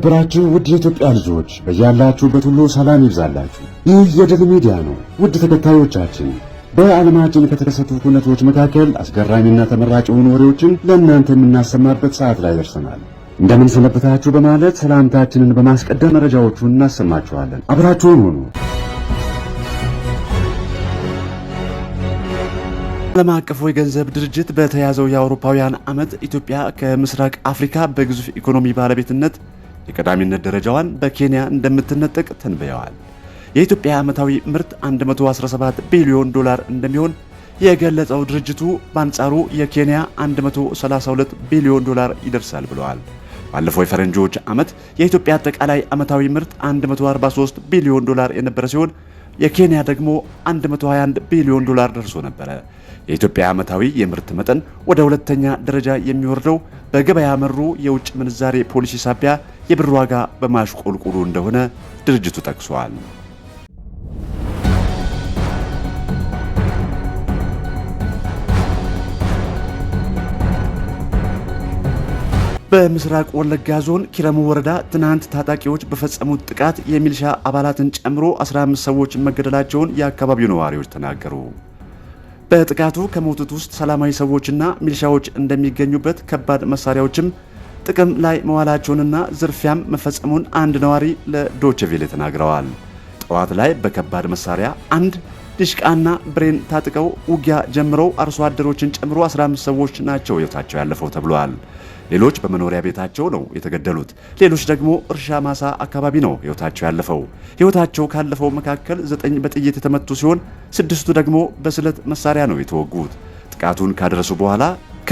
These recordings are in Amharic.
የተከበራችሁ ውድ የኢትዮጵያ ልጆች በያላችሁበት ሁሉ ሰላም ይብዛላችሁ። ይህ የድል ሚዲያ ነው። ውድ ተከታዮቻችን በዓለማችን ከተከሰቱ ሁነቶች መካከል አስገራሚና ተመራጭ የሆኑ ወሬዎችን ለእናንተ የምናሰማበት ሰዓት ላይ ደርሰናል። እንደምን ሰነበታችሁ በማለት ሰላምታችንን በማስቀደም መረጃዎቹን እናሰማችኋለን። አብራችሁን ሁኑ። ዓለም አቀፉ የገንዘብ ድርጅት በተያዘው የአውሮፓውያን ዓመት ኢትዮጵያ ከምስራቅ አፍሪካ በግዙፍ ኢኮኖሚ ባለቤትነት የቀዳሚነት ደረጃዋን በኬንያ እንደምትነጠቅ ተንብየዋል። የኢትዮጵያ ዓመታዊ ምርት 117 ቢሊዮን ዶላር እንደሚሆን የገለጸው ድርጅቱ በአንጻሩ የኬንያ 132 ቢሊዮን ዶላር ይደርሳል ብለዋል። ባለፈው የፈረንጆች ዓመት የኢትዮጵያ አጠቃላይ ዓመታዊ ምርት 143 ቢሊዮን ዶላር የነበረ ሲሆን የኬንያ ደግሞ 121 ቢሊዮን ዶላር ደርሶ ነበረ። የኢትዮጵያ ዓመታዊ የምርት መጠን ወደ ሁለተኛ ደረጃ የሚወርደው በገበያ መሩ የውጭ ምንዛሬ ፖሊሲ ሳቢያ የብር ዋጋ በማሽቆልቆሉ እንደሆነ ድርጅቱ ጠቅሷል። በምስራቅ ወለጋ ዞን ኪረሙ ወረዳ ትናንት ታጣቂዎች በፈጸሙት ጥቃት የሚልሻ አባላትን ጨምሮ 15 ሰዎች መገደላቸውን የአካባቢው ነዋሪዎች ተናገሩ። በጥቃቱ ከሞቱት ውስጥ ሰላማዊ ሰዎችና ሚልሻዎች እንደሚገኙበት ከባድ መሳሪያዎችም ጥቅም ላይ መዋላቸውንና ዝርፊያም መፈጸሙን አንድ ነዋሪ ለዶችቪሌ ተናግረዋል። ጠዋት ላይ በከባድ መሳሪያ አንድ ዲሽቃና ብሬን ታጥቀው ውጊያ ጀምረው አርሶ አደሮችን ጨምሮ 15 ሰዎች ናቸው ሕይወታቸው ያለፈው ተብሏል። ሌሎች በመኖሪያ ቤታቸው ነው የተገደሉት። ሌሎች ደግሞ እርሻ ማሳ አካባቢ ነው ሕይወታቸው ያለፈው። ሕይወታቸው ካለፈው መካከል ዘጠኝ በጥይት የተመቱ ሲሆን ስድስቱ ደግሞ በስለት መሳሪያ ነው የተወጉት። ጥቃቱን ካደረሱ በኋላ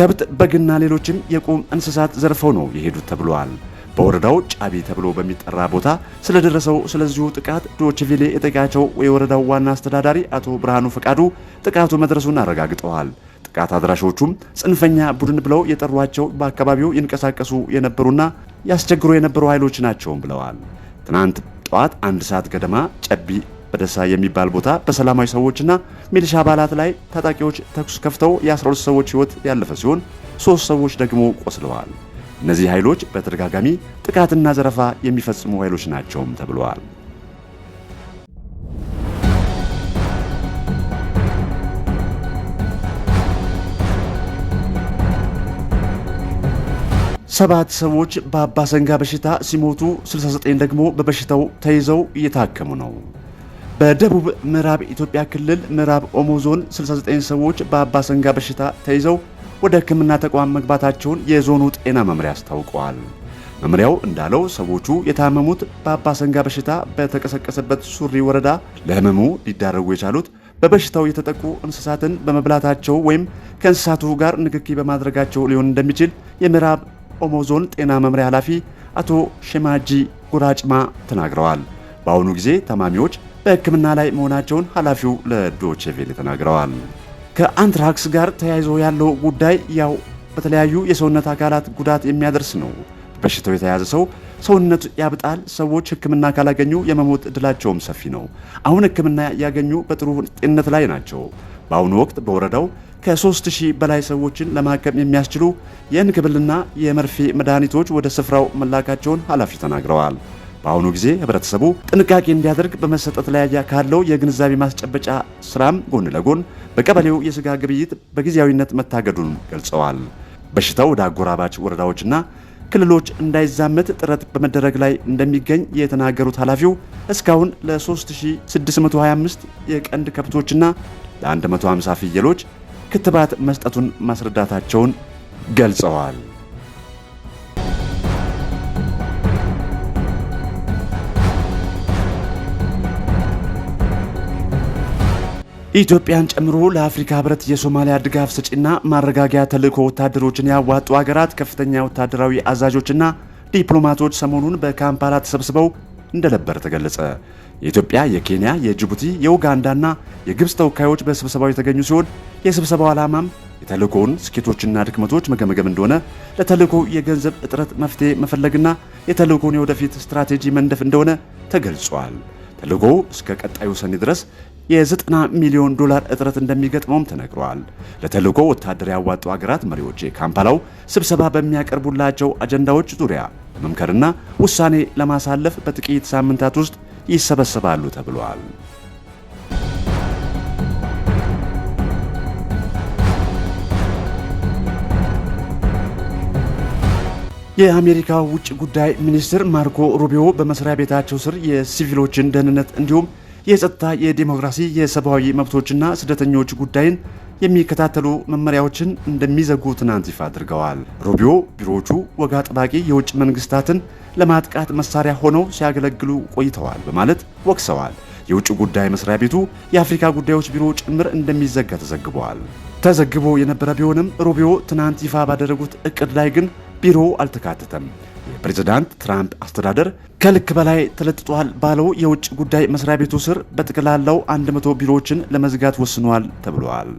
ከብት፣ በግና ሌሎችም የቁም እንስሳት ዘርፈው ነው የሄዱት ተብሏል። በወረዳው ጫቢ ተብሎ በሚጠራ ቦታ ስለደረሰው ስለዚሁ ጥቃት ዶችቪሌ የጠቂያቸው የወረዳው ዋና አስተዳዳሪ አቶ ብርሃኑ ፈቃዱ ጥቃቱ መድረሱን አረጋግጠዋል። ጥቃት አድራሾቹም ጽንፈኛ ቡድን ብለው የጠሯቸው በአካባቢው ይንቀሳቀሱ የነበሩና ያስቸግሩ የነበሩ ኃይሎች ናቸውም ብለዋል። ትናንት ጠዋት አንድ ሰዓት ገደማ ጨቢ በደሳ የሚባል ቦታ በሰላማዊ ሰዎችና ሚሊሻ አባላት ላይ ታጣቂዎች ተኩስ ከፍተው የ12 ሰዎች ሕይወት ያለፈ ሲሆን ሦስት ሰዎች ደግሞ ቆስለዋል። እነዚህ ኃይሎች በተደጋጋሚ ጥቃትና ዘረፋ የሚፈጽሙ ኃይሎች ናቸውም ተብለዋል። ሰባት ሰዎች በአባሰንጋ በሽታ ሲሞቱ 69 ደግሞ በበሽታው ተይዘው እየታከሙ ነው። በደቡብ ምዕራብ ኢትዮጵያ ክልል ምዕራብ ኦሞ ዞን 69 ሰዎች በአባሰንጋ በሽታ ተይዘው ወደ ሕክምና ተቋም መግባታቸውን የዞኑ ጤና መምሪያ አስታውቀዋል። መምሪያው እንዳለው ሰዎቹ የታመሙት በአባሰንጋ በሽታ በተቀሰቀሰበት ሱሪ ወረዳ ለህመሙ ሊዳረጉ የቻሉት በበሽታው የተጠቁ እንስሳትን በመብላታቸው ወይም ከእንስሳቱ ጋር ንክኪ በማድረጋቸው ሊሆን እንደሚችል የምዕራብ ኦሞ ዞን ጤና መምሪያ ኃላፊ አቶ ሸማጂ ጉራጭማ ተናግረዋል። በአሁኑ ጊዜ ታማሚዎች በሕክምና ላይ መሆናቸውን ኃላፊው ለዶቼ ተናግረዋል። ከአንትራክስ ጋር ተያይዞ ያለው ጉዳይ ያው በተለያዩ የሰውነት አካላት ጉዳት የሚያደርስ ነው። በሽታው የተያዘ ሰው ሰውነት ያብጣል። ሰዎች ሕክምና ካላገኙ የመሞት እድላቸውም ሰፊ ነው። አሁን ሕክምና ያገኙ በጥሩ ጤንነት ላይ ናቸው። በአሁኑ ወቅት በወረዳው ከ3000 በላይ ሰዎችን ለማከም የሚያስችሉ የእንክብልና የመርፌ መድኃኒቶች ወደ ስፍራው መላካቸውን ኃላፊ ተናግረዋል። በአሁኑ ጊዜ ህብረተሰቡ ጥንቃቄ እንዲያደርግ በመሰጠት ላይ ካለው የግንዛቤ ማስጨበጫ ስራም ጎን ለጎን በቀበሌው የስጋ ግብይት በጊዜያዊነት መታገዱን ገልጸዋል። በሽታው ወደ አጎራባች ወረዳዎችና ክልሎች እንዳይዛመት ጥረት በመደረግ ላይ እንደሚገኝ የተናገሩት ኃላፊው እስካሁን ለ3625 የቀንድ ከብቶችና ለ150 ፍየሎች ክትባት መስጠቱን ማስረዳታቸውን ገልጸዋል። ኢትዮጵያን ጨምሮ ለአፍሪካ ህብረት የሶማሊያ ድጋፍ ሰጪና ማረጋጊያ ተልእኮ ወታደሮችን ያዋጡ ሀገራት ከፍተኛ ወታደራዊ አዛዦችና ዲፕሎማቶች ሰሞኑን በካምፓላ ተሰብስበው እንደነበር ተገለጸ። የኢትዮጵያ፣ የኬንያ፣ የጅቡቲ፣ የኡጋንዳና የግብፅ ተወካዮች በስብሰባው የተገኙ ሲሆን የስብሰባው ዓላማም የተልእኮውን ስኬቶችና ድክመቶች መገምገም እንደሆነ፣ ለተልዕኮ የገንዘብ እጥረት መፍትሄ መፈለግና የተልእኮውን የወደፊት ስትራቴጂ መንደፍ እንደሆነ ተገልጿል። ተልዕኮ እስከ ቀጣዩ ሰኔ ድረስ የ90 ሚሊዮን ዶላር እጥረት እንደሚገጥመውም ተነግሯል። ለተልዕኮ ወታደር ያዋጡ ሀገራት መሪዎች ካምፓላው ስብሰባ በሚያቀርቡላቸው አጀንዳዎች ዙሪያ መምከርና ውሳኔ ለማሳለፍ በጥቂት ሳምንታት ውስጥ ይሰበሰባሉ ተብሏል። የአሜሪካ ውጭ ጉዳይ ሚኒስትር ማርኮ ሩቢዮ በመስሪያ ቤታቸው ስር የሲቪሎችን ደህንነት እንዲሁም የጸጥታ፣ የዲሞክራሲ፣ የሰብአዊ መብቶችና ስደተኞች ጉዳይን የሚከታተሉ መመሪያዎችን እንደሚዘጉ ትናንት ይፋ አድርገዋል። ሩቢዮ ቢሮዎቹ ወግ አጥባቂ የውጭ መንግስታትን ለማጥቃት መሳሪያ ሆነው ሲያገለግሉ ቆይተዋል በማለት ወቅሰዋል። የውጭ ጉዳይ መስሪያ ቤቱ የአፍሪካ ጉዳዮች ቢሮ ጭምር እንደሚዘጋ ተዘግበዋል። ተዘግቦ የነበረ ቢሆንም ሩቢዮ ትናንት ይፋ ባደረጉት እቅድ ላይ ግን ቢሮ አልተካተተም። የፕሬዝዳንት ትራምፕ አስተዳደር ከልክ በላይ ተለጥጧል ባለው የውጭ ጉዳይ መስሪያ ቤቱ ስር በጠቅላላው 100 ቢሮዎችን ለመዝጋት ወስኗል ተብሏል።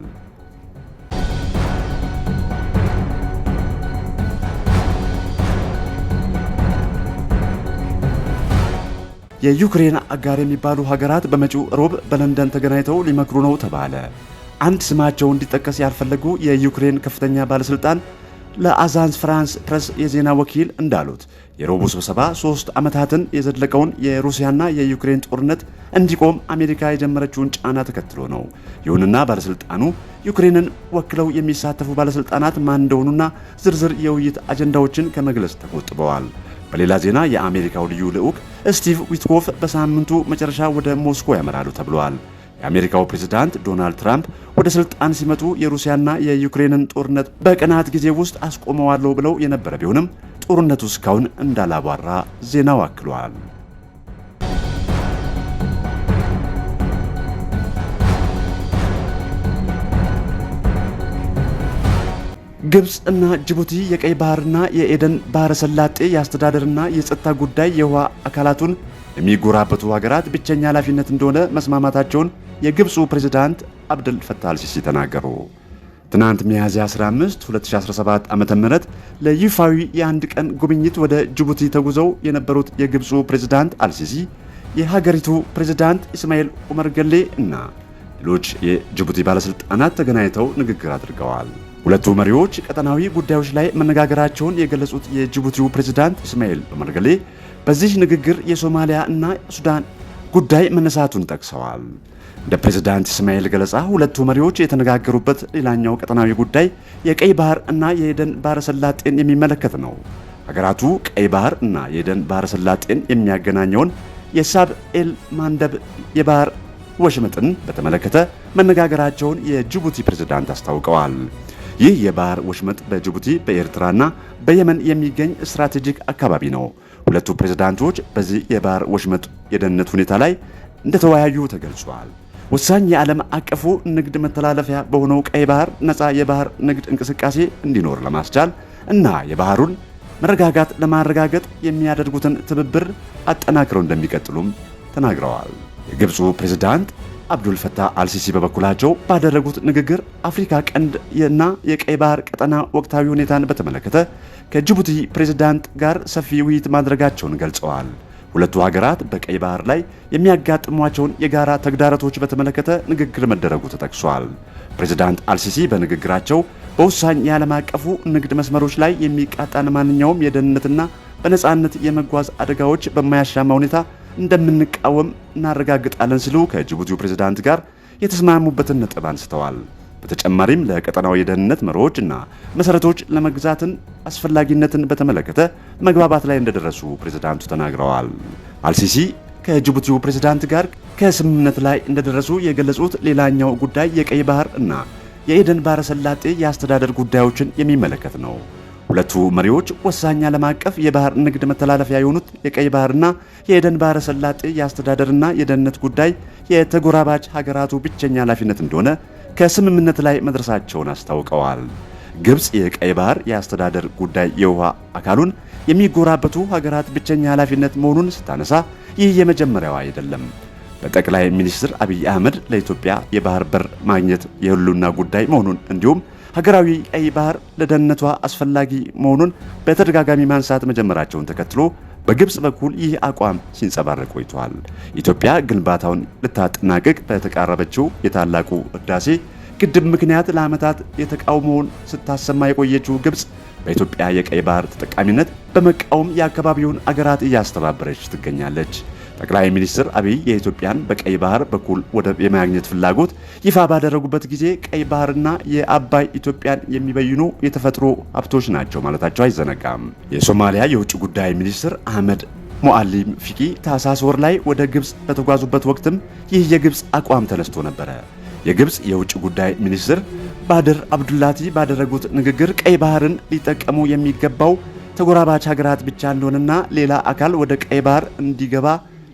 የዩክሬን አጋር የሚባሉ ሀገራት በመጪው ሮብ በለንደን ተገናኝተው ሊመክሩ ነው ተባለ። አንድ ስማቸው እንዲጠቀስ ያልፈለጉ የዩክሬን ከፍተኛ ባለስልጣን ለአዛንስ ፍራንስ ፕረስ የዜና ወኪል እንዳሉት የሮቡ ስብሰባ ሶስት ዓመታትን የዘለቀውን የሩሲያና የዩክሬን ጦርነት እንዲቆም አሜሪካ የጀመረችውን ጫና ተከትሎ ነው። ይሁንና ባለሥልጣኑ ዩክሬንን ወክለው የሚሳተፉ ባለሥልጣናት ማን እንደሆኑና ዝርዝር የውይይት አጀንዳዎችን ከመግለጽ ተቆጥበዋል። በሌላ ዜና የአሜሪካው ልዩ ልዑክ ስቲቭ ዊትኮፍ በሳምንቱ መጨረሻ ወደ ሞስኮ ያመራሉ ተብለዋል። የአሜሪካው ፕሬዝዳንት ዶናልድ ትራምፕ ወደ ስልጣን ሲመጡ የሩሲያና የዩክሬንን ጦርነት በቀናት ጊዜ ውስጥ አስቆመዋለሁ ብለው የነበረ ቢሆንም ጦርነቱ እስካሁን እንዳላባራ ዜናው አክሏል። ግብፅ እና ጅቡቲ የቀይ ባህርና የኤደን ባህረ ሰላጤ የአስተዳደርና የጸጥታ ጉዳይ የውሃ አካላቱን የሚጎራበቱ ሀገራት ብቸኛ ኃላፊነት እንደሆነ መስማማታቸውን የግብፁ ፕሬዝዳንት አብደል ፈታህ አልሲሲ ተናገሩ። ትናንት ሚያዝያ 15 2017 ዓ.ም ለይፋዊ የአንድ ቀን ጉብኝት ወደ ጅቡቲ ተጉዘው የነበሩት የግብፁ ፕሬዝዳንት አልሲሲ የሀገሪቱ ፕሬዝዳንት ኢስማኤል ዑመር ገሌ እና ሌሎች የጅቡቲ ባለሥልጣናት ተገናኝተው ንግግር አድርገዋል። ሁለቱ መሪዎች ቀጠናዊ ጉዳዮች ላይ መነጋገራቸውን የገለጹት የጅቡቲው ፕሬዝዳንት ኢስማኤል ዑመር ገሌ በዚህ ንግግር የሶማሊያ እና ሱዳን ጉዳይ መነሳቱን ጠቅሰዋል። እንደ ፕሬዝዳንት እስማኤል ገለጻ ሁለቱ መሪዎች የተነጋገሩበት ሌላኛው ቀጠናዊ ጉዳይ የቀይ ባህር እና የኤደን ባህረ ሰላጤን የሚመለከት ነው። ሀገራቱ ቀይ ባህር እና የኤደን ባህረ ሰላጤን የሚያገናኘውን የሳብ ኤል ማንደብ የባህር ወሽመጥን በተመለከተ መነጋገራቸውን የጅቡቲ ፕሬዝዳንት አስታውቀዋል። ይህ የባህር ወሽመጥ በጅቡቲ በኤርትራና በየመን የሚገኝ ስትራቴጂክ አካባቢ ነው። ሁለቱ ፕሬዝዳንቶች በዚህ የባህር ወሽመጥ የደህንነት ሁኔታ ላይ እንደተወያዩ ተገልጿል። ወሳኝ የዓለም አቀፉ ንግድ መተላለፊያ በሆነው ቀይ ባህር ነፃ የባህር ንግድ እንቅስቃሴ እንዲኖር ለማስቻል እና የባህሩን መረጋጋት ለማረጋገጥ የሚያደርጉትን ትብብር አጠናክረው እንደሚቀጥሉም ተናግረዋል። የግብፁ ፕሬዝዳንት አብዱልፈታህ አልሲሲ በበኩላቸው ባደረጉት ንግግር አፍሪካ ቀንድ እና የቀይ ባህር ቀጠና ወቅታዊ ሁኔታን በተመለከተ ከጅቡቲ ፕሬዝዳንት ጋር ሰፊ ውይይት ማድረጋቸውን ገልጸዋል። ሁለቱ ሀገራት በቀይ ባህር ላይ የሚያጋጥሟቸውን የጋራ ተግዳሮቶች በተመለከተ ንግግር መደረጉ ተጠቅሷል። ፕሬዝዳንት አልሲሲ በንግግራቸው በውሳኝ የዓለም አቀፉ ንግድ መስመሮች ላይ የሚቃጣን ማንኛውም የደህንነትና በነፃነት የመጓዝ አደጋዎች በማያሻማ ሁኔታ እንደምንቃወም እናረጋግጣለን ሲሉ ከጅቡቲው ፕሬዝዳንት ጋር የተስማሙበትን ነጥብ አንስተዋል። በተጨማሪም ለቀጠናው የደህንነት መርሆች እና መሰረቶች ለመግዛትን አስፈላጊነትን በተመለከተ መግባባት ላይ እንደደረሱ ፕሬዝዳንቱ ተናግረዋል። አልሲሲ ከጅቡቲው ፕሬዝዳንት ጋር ከስምምነት ላይ እንደደረሱ የገለጹት ሌላኛው ጉዳይ የቀይ ባህር እና የኤደን ባህረ ሰላጤ የአስተዳደር ጉዳዮችን የሚመለከት ነው። ሁለቱ መሪዎች ወሳኝ ዓለም አቀፍ የባህር ንግድ መተላለፊያ የሆኑት የቀይ ባህርና የኤደን ባህረ ሰላጤ የአስተዳደርና የደህንነት ጉዳይ የተጎራባች ሀገራቱ ብቸኛ ኃላፊነት እንደሆነ ከስምምነት ላይ መድረሳቸውን አስታውቀዋል። ግብፅ የቀይ ባህር የአስተዳደር ጉዳይ የውሃ አካሉን የሚጎራበቱ ሀገራት ብቸኛ ኃላፊነት መሆኑን ስታነሳ ይህ የመጀመሪያው አይደለም። በጠቅላይ ሚኒስትር አብይ አህመድ ለኢትዮጵያ የባህር በር ማግኘት የህልውና ጉዳይ መሆኑን እንዲሁም ሀገራዊ ቀይ ባህር ለደህንነቷ አስፈላጊ መሆኑን በተደጋጋሚ ማንሳት መጀመራቸውን ተከትሎ በግብፅ በኩል ይህ አቋም ሲንጸባረቅ ቆይቷል። ኢትዮጵያ ግንባታውን ልታጠናቅቅ በተቃረበችው የታላቁ ህዳሴ ግድብ ምክንያት ለዓመታት የተቃውሞውን ስታሰማ የቆየችው ግብፅ በኢትዮጵያ የቀይ ባህር ተጠቃሚነት በመቃወም የአካባቢውን አገራት እያስተባበረች ትገኛለች። ጠቅላይ ሚኒስትር አብይ የኢትዮጵያን በቀይ ባህር በኩል ወደብ የማግኘት ፍላጎት ይፋ ባደረጉበት ጊዜ ቀይ ባህርና የአባይ ኢትዮጵያን የሚበይኑ የተፈጥሮ ሀብቶች ናቸው ማለታቸው አይዘነጋም። የሶማሊያ የውጭ ጉዳይ ሚኒስትር አህመድ ሞአሊም ፊቂ ታህሳስ ወር ላይ ወደ ግብፅ በተጓዙበት ወቅትም ይህ የግብፅ አቋም ተነስቶ ነበረ። የግብፅ የውጭ ጉዳይ ሚኒስትር ባድር አብዱላቲ ባደረጉት ንግግር ቀይ ባህርን ሊጠቀሙ የሚገባው ተጎራባች ሀገራት ብቻ እንደሆነና ሌላ አካል ወደ ቀይ ባህር እንዲገባ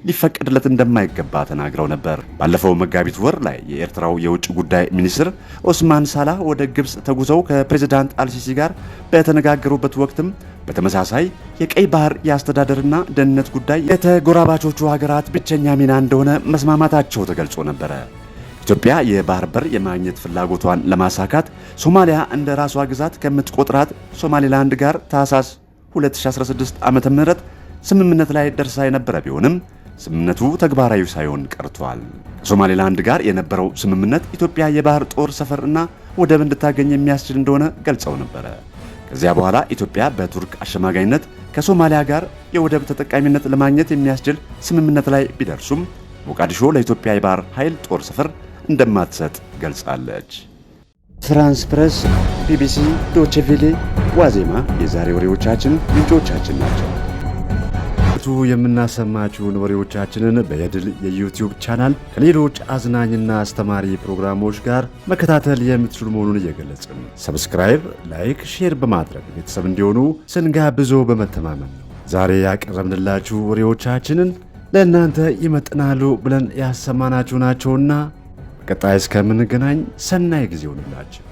ሊፈቀድለት እንደማይገባ ተናግረው ነበር። ባለፈው መጋቢት ወር ላይ የኤርትራው የውጭ ጉዳይ ሚኒስትር ኦስማን ሳላህ ወደ ግብፅ ተጉዘው ከፕሬዚዳንት አልሲሲ ጋር በተነጋገሩበት ወቅትም በተመሳሳይ የቀይ ባህር የአስተዳደርና ደህንነት ጉዳይ የተጎራባቾቹ ሀገራት ብቸኛ ሚና እንደሆነ መስማማታቸው ተገልጾ ነበረ። ኢትዮጵያ የባህር በር የማግኘት ፍላጎቷን ለማሳካት ሶማሊያ እንደ ራሷ ግዛት ከምትቆጥራት ሶማሌላንድ ጋር ታህሳስ 2016 ም ስምምነት ላይ ደርሳ የነበረ ቢሆንም ስምምነቱ ተግባራዊ ሳይሆን ቀርቷል። ከሶማሌላንድ ጋር የነበረው ስምምነት ኢትዮጵያ የባህር ጦር ሰፈርና እና ወደብ እንድታገኝ የሚያስችል እንደሆነ ገልጸው ነበረ። ከዚያ በኋላ ኢትዮጵያ በቱርክ አሸማጋይነት ከሶማሊያ ጋር የወደብ ተጠቃሚነት ለማግኘት የሚያስችል ስምምነት ላይ ቢደርሱም ሞቃዲሾ ለኢትዮጵያ የባህር ኃይል ጦር ሰፈር እንደማትሰጥ ገልጻለች። ፍራንስ ፕሬስ፣ ቢቢሲ፣ ዶቼ ቬሌ፣ ዋዜማ የዛሬ ወሬዎቻችን ምንጮቻችን ናቸው። በየዕለቱ የምናሰማችሁን ወሬዎቻችንን በየድል የዩቲዩብ ቻናል ከሌሎች አዝናኝና አስተማሪ ፕሮግራሞች ጋር መከታተል የምትችሉ መሆኑን እየገለጽን ሰብስክራይብ፣ ላይክ፣ ሼር በማድረግ ቤተሰብ እንዲሆኑ ስንጋብዞ በመተማመን ነው። ዛሬ ያቀረብንላችሁ ወሬዎቻችንን ለእናንተ ይመጥናሉ ብለን ያሰማናችሁ ናቸውና በቀጣይ እስከምንገናኝ ሰናይ ጊዜ ይሁንላችሁ።